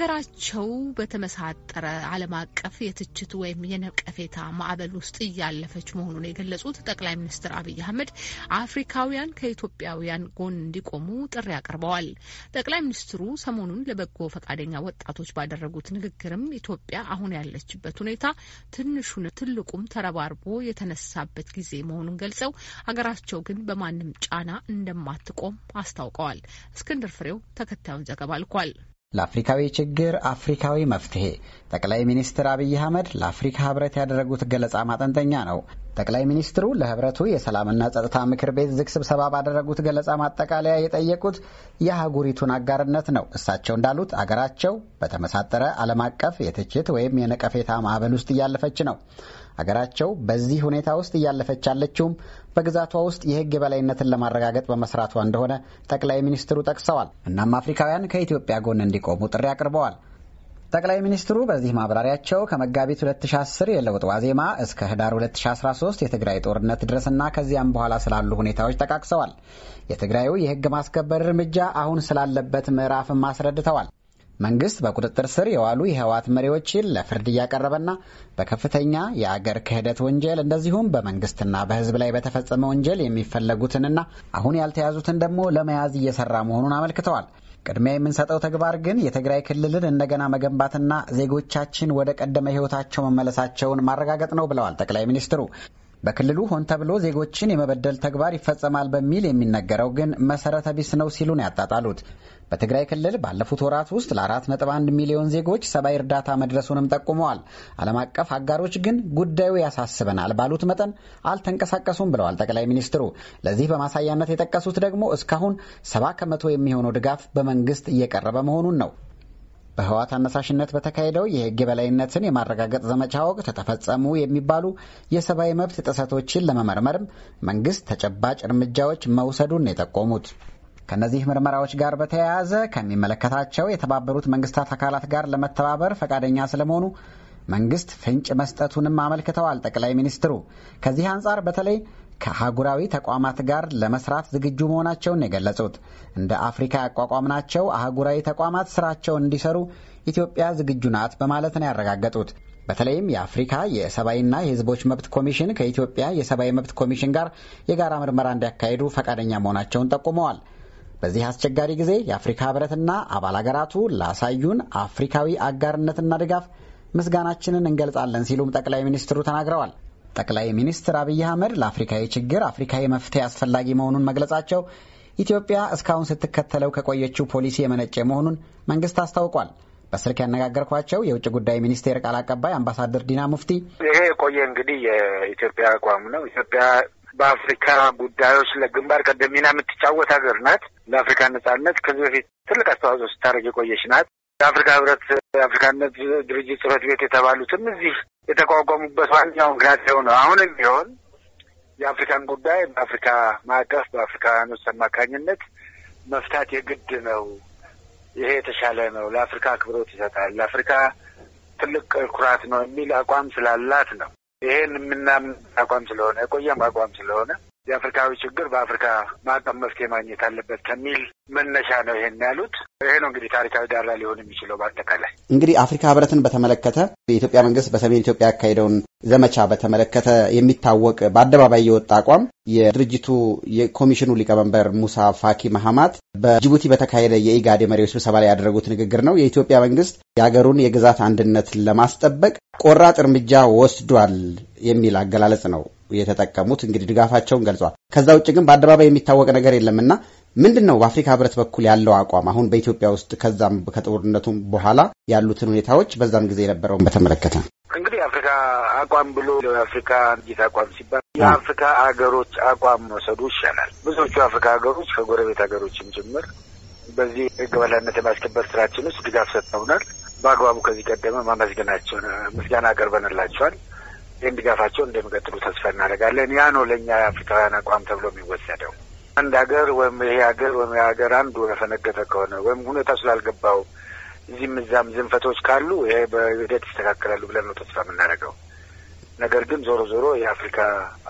ሀገራቸው በተመሳጠረ ዓለም አቀፍ የትችት ወይም የነቀፌታ ማዕበል ውስጥ እያለፈች መሆኑን የገለጹት ጠቅላይ ሚኒስትር አብይ አህመድ አፍሪካውያን ከኢትዮጵያውያን ጎን እንዲቆሙ ጥሪ አቅርበዋል። ጠቅላይ ሚኒስትሩ ሰሞኑን ለበጎ ፈቃደኛ ወጣቶች ባደረጉት ንግግርም ኢትዮጵያ አሁን ያለችበት ሁኔታ ትንሹን ትልቁም ተረባርቦ የተነሳበት ጊዜ መሆኑን ገልጸው ሀገራቸው ግን በማንም ጫና እንደማትቆም አስታውቀዋል። እስክንድር ፍሬው ተከታዩን ዘገባ ልኳል። ለአፍሪካዊ ችግር አፍሪካዊ መፍትሄ ጠቅላይ ሚኒስትር አብይ አህመድ ለአፍሪካ ህብረት ያደረጉት ገለጻ ማጠንጠኛ ነው። ጠቅላይ ሚኒስትሩ ለህብረቱ የሰላምና ጸጥታ ምክር ቤት ዝግ ስብሰባ ባደረጉት ገለጻ ማጠቃለያ የጠየቁት የአህጉሪቱን አጋርነት ነው። እሳቸው እንዳሉት አገራቸው በተመሳጠረ ዓለም አቀፍ የትችት ወይም የነቀፌታ ማዕበል ውስጥ እያለፈች ነው። አገራቸው በዚህ ሁኔታ ውስጥ እያለፈች ያለችውም በግዛቷ ውስጥ የህግ የበላይነትን ለማረጋገጥ በመስራቷ እንደሆነ ጠቅላይ ሚኒስትሩ ጠቅሰዋል። እናም አፍሪካውያን ከኢትዮጵያ ጎን እንዲቆሙ ጥሪ አቅርበዋል። ጠቅላይ ሚኒስትሩ በዚህ ማብራሪያቸው ከመጋቢት 2010 የለውጥ ዋዜማ እስከ ህዳር 2013 የትግራይ ጦርነት ድረስና ከዚያም በኋላ ስላሉ ሁኔታዎች ጠቃቅሰዋል። የትግራዩ የህግ ማስከበር እርምጃ አሁን ስላለበት ምዕራፍም አስረድተዋል። መንግስት በቁጥጥር ስር የዋሉ የህወሓት መሪዎችን ለፍርድ እያቀረበና በከፍተኛ የአገር ክህደት ወንጀል እንደዚሁም በመንግስትና በህዝብ ላይ በተፈጸመ ወንጀል የሚፈለጉትንና አሁን ያልተያዙትን ደግሞ ለመያዝ እየሰራ መሆኑን አመልክተዋል። ቅድሚያ የምንሰጠው ተግባር ግን የትግራይ ክልልን እንደገና መገንባትና ዜጎቻችን ወደ ቀደመ ህይወታቸው መመለሳቸውን ማረጋገጥ ነው ብለዋል ጠቅላይ ሚኒስትሩ። በክልሉ ሆን ተብሎ ዜጎችን የመበደል ተግባር ይፈጸማል በሚል የሚነገረው ግን መሰረተ ቢስ ነው ሲሉ ነው ያጣጣሉት። በትግራይ ክልል ባለፉት ወራት ውስጥ ለ4.1 ሚሊዮን ዜጎች ሰብአዊ እርዳታ መድረሱንም ጠቁመዋል። ዓለም አቀፍ አጋሮች ግን ጉዳዩ ያሳስበናል ባሉት መጠን አልተንቀሳቀሱም ብለዋል ጠቅላይ ሚኒስትሩ። ለዚህ በማሳያነት የጠቀሱት ደግሞ እስካሁን 70 ከመቶ የሚሆነው ድጋፍ በመንግስት እየቀረበ መሆኑን ነው። በህወሓት አነሳሽነት በተካሄደው የህግ የበላይነትን የማረጋገጥ ዘመቻ ወቅት ተፈጸሙ የሚባሉ የሰብአዊ መብት ጥሰቶችን ለመመርመርም መንግስት ተጨባጭ እርምጃዎች መውሰዱን የጠቆሙት ከእነዚህ ምርመራዎች ጋር በተያያዘ ከሚመለከታቸው የተባበሩት መንግስታት አካላት ጋር ለመተባበር ፈቃደኛ ስለመሆኑ መንግስት ፍንጭ መስጠቱንም አመልክተዋል። ጠቅላይ ሚኒስትሩ ከዚህ አንጻር በተለይ ከአህጉራዊ ተቋማት ጋር ለመስራት ዝግጁ መሆናቸውን የገለጹት እንደ አፍሪካ ያቋቋምናቸው አህጉራዊ ተቋማት ስራቸውን እንዲሰሩ ኢትዮጵያ ዝግጁ ናት በማለት ነው ያረጋገጡት። በተለይም የአፍሪካ የሰብአዊና የሕዝቦች መብት ኮሚሽን ከኢትዮጵያ የሰብአዊ መብት ኮሚሽን ጋር የጋራ ምርመራ እንዲያካሂዱ ፈቃደኛ መሆናቸውን ጠቁመዋል። በዚህ አስቸጋሪ ጊዜ የአፍሪካ ህብረትና አባል አገራቱ ላሳዩን አፍሪካዊ አጋርነትና ድጋፍ ምስጋናችንን እንገልጻለን ሲሉም ጠቅላይ ሚኒስትሩ ተናግረዋል። ጠቅላይ ሚኒስትር አብይ አህመድ ለአፍሪካዊ ችግር አፍሪካዊ መፍትሄ አስፈላጊ መሆኑን መግለጻቸው ኢትዮጵያ እስካሁን ስትከተለው ከቆየችው ፖሊሲ የመነጨ መሆኑን መንግስት አስታውቋል። በስልክ ያነጋገርኳቸው የውጭ ጉዳይ ሚኒስቴር ቃል አቀባይ አምባሳደር ዲና ሙፍቲ ይሄ የቆየ እንግዲህ የኢትዮጵያ አቋም ነው። ኢትዮጵያ በአፍሪካ ጉዳዮች ለግንባር ቀደም ሚና የምትጫወት ሀገር ናት። ለአፍሪካ ነጻነት ከዚህ በፊት ትልቅ አስተዋጽኦ ስታደርግ የቆየች ናት። የአፍሪካ ህብረት የአፍሪካነት ድርጅት ጽህፈት ቤት የተባሉትም እዚህ የተቋቋሙበት ዋናው ምክንያት ነው። አሁንም ቢሆን የአፍሪካን ጉዳይ በአፍሪካ ማዕቀፍ በአፍሪካኖች አማካኝነት መፍታት የግድ ነው። ይሄ የተሻለ ነው፣ ለአፍሪካ አክብሮት ይሰጣል፣ ለአፍሪካ ትልቅ ኩራት ነው የሚል አቋም ስላላት ነው ይሄን የምናምን አቋም ስለሆነ የቆየም አቋም ስለሆነ የአፍሪካዊ ችግር በአፍሪካ ማዕቀፍ መፍትሄ ማግኘት አለበት ከሚል መነሻ ነው ይሄን ያሉት። ይሄ ነው እንግዲህ ታሪካዊ ዳራ ሊሆን የሚችለው። በአጠቃላይ እንግዲህ አፍሪካ ህብረትን በተመለከተ የኢትዮጵያ መንግስት በሰሜን ኢትዮጵያ ያካሄደውን ዘመቻ በተመለከተ የሚታወቅ በአደባባይ የወጣ አቋም የድርጅቱ የኮሚሽኑ ሊቀመንበር ሙሳ ፋኪ መሐማት በጅቡቲ በተካሄደ የኢጋድ የመሪዎች ስብሰባ ላይ ያደረጉት ንግግር ነው። የኢትዮጵያ መንግስት የሀገሩን የግዛት አንድነት ለማስጠበቅ ቆራጥ እርምጃ ወስዷል የሚል አገላለጽ ነው የተጠቀሙት። እንግዲህ ድጋፋቸውን ገልጿል። ከዛ ውጭ ግን በአደባባይ የሚታወቅ ነገር የለምና ምንድን ነው በአፍሪካ ህብረት በኩል ያለው አቋም አሁን በኢትዮጵያ ውስጥ ከዛም ከጦርነቱም በኋላ ያሉትን ሁኔታዎች በዛም ጊዜ የነበረውን በተመለከተ? እንግዲህ አፍሪካ አቋም ብሎ የአፍሪካ አንዲት አቋም ሲባል የአፍሪካ ሀገሮች አቋም መውሰዱ ይሻላል። ብዙዎቹ አፍሪካ ሀገሮች ከጎረቤት ሀገሮችም ጭምር በዚህ ህግ በላይነት የማስከበር ስራችን ውስጥ ድጋፍ ሰጥተውናል። በአግባቡ ከዚህ ቀደመ ማመስገናቸውን ምስጋና አቀርበንላቸዋል። ይህን ድጋፋቸውን እንደሚቀጥሉ ተስፋ እናደርጋለን። ያ ነው ለእኛ የአፍሪካውያን አቋም ተብሎ የሚወሰደው። አንድ ሀገር ወይም ይሄ ሀገር ወይም ይሄ ሀገር አንዱ ያፈነገጠ ከሆነ ወይም ሁኔታ ስላልገባው እዚህም እዛም ዝንፈቶች ካሉ ይሄ በሂደት ይስተካከላሉ ብለን ነው ተስፋ የምናደርገው። ነገር ግን ዞሮ ዞሮ የአፍሪካ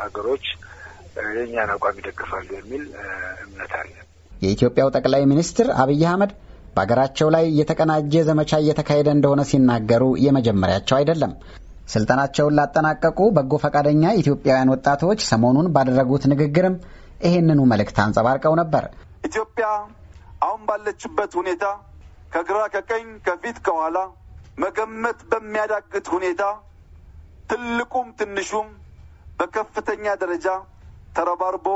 ሀገሮች የእኛን አቋም ይደግፋሉ የሚል እምነት አለ። የኢትዮጵያው ጠቅላይ ሚኒስትር አብይ አህመድ በሀገራቸው ላይ የተቀናጀ ዘመቻ እየተካሄደ እንደሆነ ሲናገሩ የመጀመሪያቸው አይደለም። ስልጠናቸውን ላጠናቀቁ በጎ ፈቃደኛ ኢትዮጵያውያን ወጣቶች ሰሞኑን ባደረጉት ንግግርም ይህንኑ መልእክት አንጸባርቀው ነበር። ኢትዮጵያ አሁን ባለችበት ሁኔታ ከግራ ከቀኝ ከፊት ከኋላ መገመት በሚያዳግት ሁኔታ ትልቁም ትንሹም በከፍተኛ ደረጃ ተረባርቦ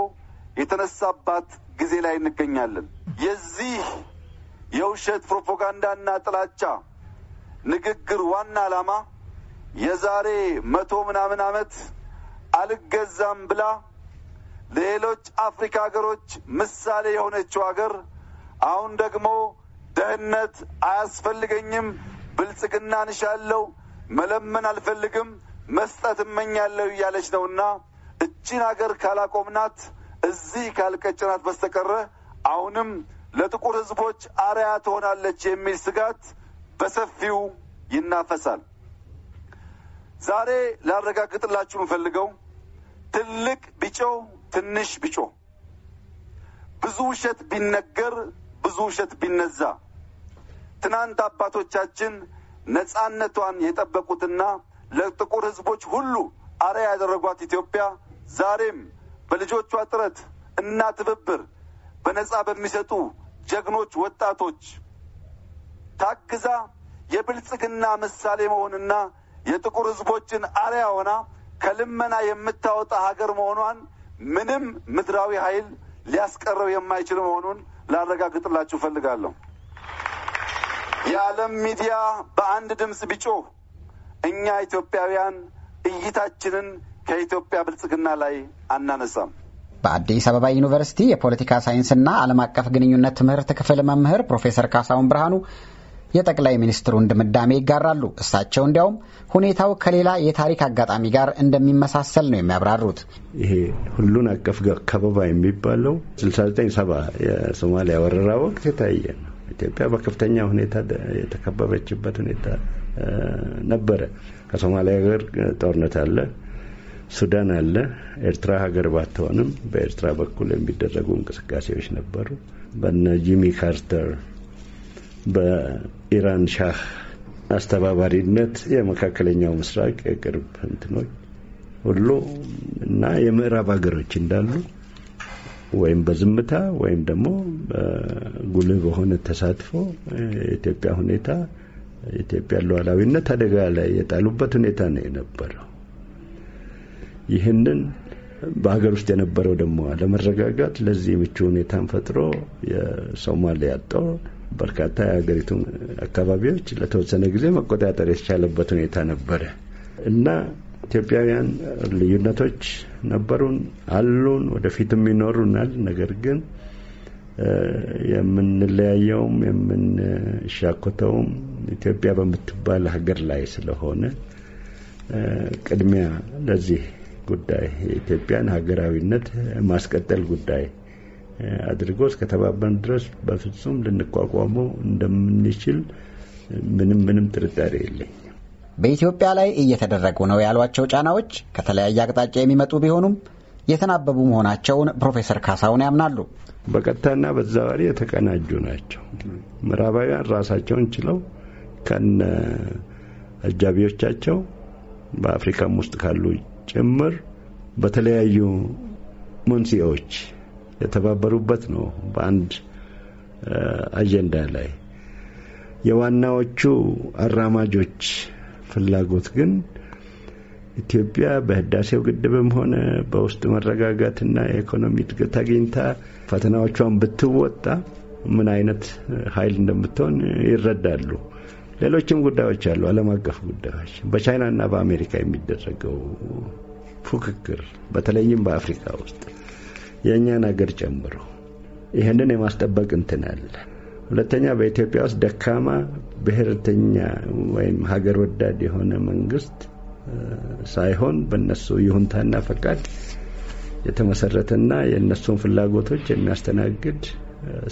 የተነሳባት ጊዜ ላይ እንገኛለን። የዚህ የውሸት ፕሮፓጋንዳና ጥላቻ ንግግር ዋና ዓላማ የዛሬ መቶ ምናምን ዓመት አልገዛም ብላ ሌሎች አፍሪካ ሀገሮች ምሳሌ የሆነችው ሀገር አሁን ደግሞ ደህንነት አያስፈልገኝም፣ ብልጽግና እንሻለው፣ መለመን አልፈልግም፣ መስጠት እመኛለሁ እያለች ነውና እቺን ሀገር ካላቆምናት እዚህ ካልቀጭናት በስተቀረ አሁንም ለጥቁር ሕዝቦች አርያ ትሆናለች የሚል ስጋት በሰፊው ይናፈሳል። ዛሬ ላረጋግጥላችሁ የምፈልገው ትልቅ ቢጮህ ትንሽ ቢጮ ብዙ ውሸት ቢነገር ብዙ ውሸት ቢነዛ ትናንት አባቶቻችን ነፃነቷን የጠበቁትና ለጥቁር ሕዝቦች ሁሉ አርያ ያደረጓት ኢትዮጵያ ዛሬም በልጆቿ ጥረት እና ትብብር በነፃ በሚሰጡ ጀግኖች ወጣቶች ታግዛ የብልጽግና ምሳሌ መሆንና የጥቁር ሕዝቦችን አርያ ሆና ከልመና የምታወጣ ሀገር መሆኗን ምንም ምድራዊ ኃይል ሊያስቀረው የማይችል መሆኑን ላረጋግጥላችሁ እፈልጋለሁ። የዓለም ሚዲያ በአንድ ድምፅ ቢጮህ እኛ ኢትዮጵያውያን እይታችንን ከኢትዮጵያ ብልጽግና ላይ አናነሳም። በአዲስ አበባ ዩኒቨርሲቲ የፖለቲካ ሳይንስና ዓለም አቀፍ ግንኙነት ትምህርት ክፍል መምህር ፕሮፌሰር ካሳሁን ብርሃኑ የጠቅላይ ሚኒስትሩን ድምዳሜ ይጋራሉ። እሳቸው እንዲያውም ሁኔታው ከሌላ የታሪክ አጋጣሚ ጋር እንደሚመሳሰል ነው የሚያብራሩት። ይሄ ሁሉን አቀፍ ከበባ የሚባለው 6970 የሶማሊያ ወረራ ወቅት የታየ ነው። ኢትዮጵያ በከፍተኛ ሁኔታ የተከበበችበት ሁኔታ ነበረ። ከሶማሊያ ጋር ጦርነት አለ፣ ሱዳን አለ። ኤርትራ ሀገር ባትሆንም በኤርትራ በኩል የሚደረጉ እንቅስቃሴዎች ነበሩ። በነ ጂሚ ካርተር በኢራን ሻህ አስተባባሪነት የመካከለኛው ምስራቅ የቅርብ እንትኖች ሁሉ እና የምዕራብ ሀገሮች እንዳሉ ወይም በዝምታ ወይም ደግሞ ጉልህ በሆነ ተሳትፎ የኢትዮጵያ ሁኔታ የኢትዮጵያ ሉዓላዊነት አደጋ ላይ የጣሉበት ሁኔታ ነው የነበረው። ይህንን በሀገር ውስጥ የነበረው ደግሞ አለመረጋጋት ለዚህ ምቹ ሁኔታን ፈጥሮ የሶማሊያ ጦር በርካታ የሀገሪቱ አካባቢዎች ለተወሰነ ጊዜ መቆጣጠር የተቻለበት ሁኔታ ነበረ እና ኢትዮጵያውያን ልዩነቶች ነበሩን፣ አሉን፣ ወደፊትም ይኖሩናል። ነገር ግን የምንለያየውም የምንሻኮተውም ኢትዮጵያ በምትባል ሀገር ላይ ስለሆነ ቅድሚያ ለዚህ ጉዳይ የኢትዮጵያን ሀገራዊነት ማስቀጠል ጉዳይ አድርጎ እስከተባበን ድረስ በፍጹም ልንቋቋመው እንደምንችል ምንም ምንም ጥርጣሬ የለኝ። በኢትዮጵያ ላይ እየተደረጉ ነው ያሏቸው ጫናዎች ከተለያየ አቅጣጫ የሚመጡ ቢሆኑም የተናበቡ መሆናቸውን ፕሮፌሰር ካሳሁን ያምናሉ። በቀጥታና በተዘዋዋሪ የተቀናጁ ናቸው። ምዕራባውያን ራሳቸውን ችለው ከነ አጃቢዎቻቸው በአፍሪካም ውስጥ ካሉ ጭምር በተለያዩ መንስኤዎች የተባበሩበት ነው በአንድ አጀንዳ ላይ። የዋናዎቹ አራማጆች ፍላጎት ግን ኢትዮጵያ በህዳሴው ግድብም ሆነ በውስጥ መረጋጋትና የኢኮኖሚ እድገት አግኝታ ፈተናዎቿን ብትወጣ ምን አይነት ኃይል እንደምትሆን ይረዳሉ። ሌሎችም ጉዳዮች አሉ፣ ዓለም አቀፍ ጉዳዮች በቻይናና በአሜሪካ የሚደረገው ፉክክር በተለይም በአፍሪካ ውስጥ የእኛን አገር ጨምሮ ይህንን የማስጠበቅ እንትን አለ። ሁለተኛ በኢትዮጵያ ውስጥ ደካማ ብሔርተኛ ወይም ሀገር ወዳድ የሆነ መንግስት ሳይሆን በእነሱ ይሁንታና ፈቃድ የተመሰረተና የእነሱን ፍላጎቶች የሚያስተናግድ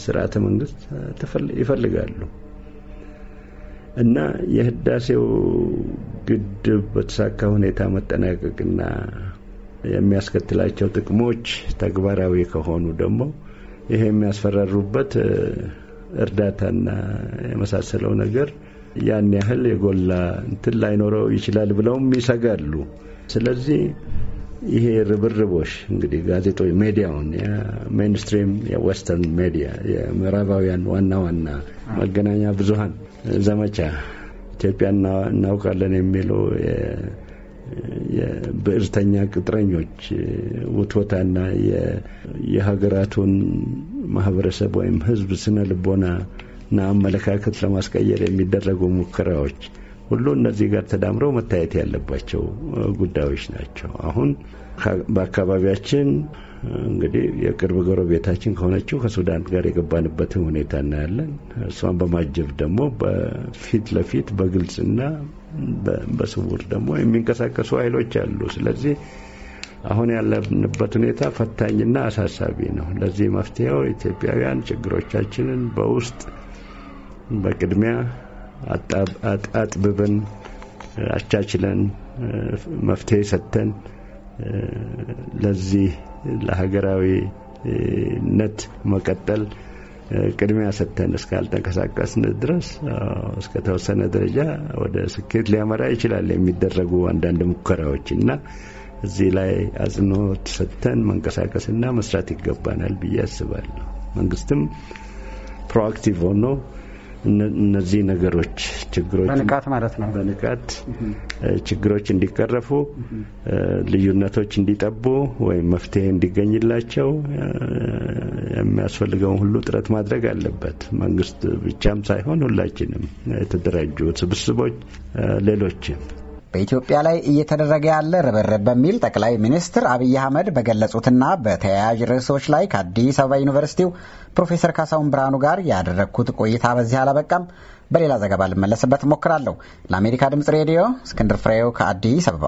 ስርዓተ መንግስት ይፈልጋሉ እና የህዳሴው ግድብ በተሳካ ሁኔታ መጠናቀቅና የሚያስከትላቸው ጥቅሞች ተግባራዊ ከሆኑ ደግሞ ይሄ የሚያስፈራሩበት እርዳታና የመሳሰለው ነገር ያን ያህል የጎላ እንትን ላይኖረው ይችላል ብለውም ይሰጋሉ። ስለዚህ ይሄ ርብርቦሽ እንግዲህ ጋዜጦች፣ ሜዲያውን፣ ሜንስትሪም የዌስተርን ሜዲያ የምዕራባውያን ዋና ዋና መገናኛ ብዙሀን ዘመቻ ኢትዮጵያ እናውቃለን የሚለው የብዕርተኛ ቅጥረኞች ውትወታና የሀገራቱን ማህበረሰብ ወይም ህዝብ ስነ ልቦናና አመለካከት ለማስቀየር የሚደረጉ ሙከራዎች ሁሉ እነዚህ ጋር ተዳምረው መታየት ያለባቸው ጉዳዮች ናቸው። አሁን በአካባቢያችን እንግዲህ የቅርብ ጎረቤታችን ከሆነችው ከሱዳን ጋር የገባንበትን ሁኔታ እናያለን። እሷን በማጀብ ደግሞ በፊት ለፊት በግልጽና በስውር ደግሞ የሚንቀሳቀሱ ኃይሎች አሉ። ስለዚህ አሁን ያለንበት ሁኔታ ፈታኝና አሳሳቢ ነው። ለዚህ መፍትሄው ኢትዮጵያውያን ችግሮቻችንን በውስጥ በቅድሚያ አጣጥብብን አቻችለን መፍትሄ ሰጥተን ለዚህ ለሀገራዊነት መቀጠል ቅድሚያ ሰጥተን እስካልተንቀሳቀስን ድረስ እስከተወሰነ ደረጃ ወደ ስኬት ሊያመራ ይችላል የሚደረጉ አንዳንድ ሙከራዎች እና እዚህ ላይ አጽንኦት ሰጥተን መንቀሳቀስና መስራት ይገባናል ብዬ አስባለሁ። መንግስትም ፕሮአክቲቭ ሆኖ እነዚህ ነገሮች ችግሮች በንቃት ማለት ነው በንቃት ችግሮች እንዲቀረፉ ልዩነቶች እንዲጠቡ ወይም መፍትሄ እንዲገኝላቸው የሚያስፈልገውን ሁሉ ጥረት ማድረግ አለበት። መንግስት ብቻም ሳይሆን ሁላችንም የተደራጁ ስብስቦች ሌሎችም በኢትዮጵያ ላይ እየተደረገ ያለ ርብርብ በሚል ጠቅላይ ሚኒስትር አብይ አህመድ በገለጹትና በተያያዥ ርዕሶች ላይ ከአዲስ አበባ ዩኒቨርሲቲው ፕሮፌሰር ካሳሁን ብርሃኑ ጋር ያደረግኩት ቆይታ በዚህ አላበቃም። በሌላ ዘገባ ልመለስበት እሞክራለሁ። ለአሜሪካ ድምጽ ሬዲዮ እስክንድር ፍሬው ከአዲስ አበባ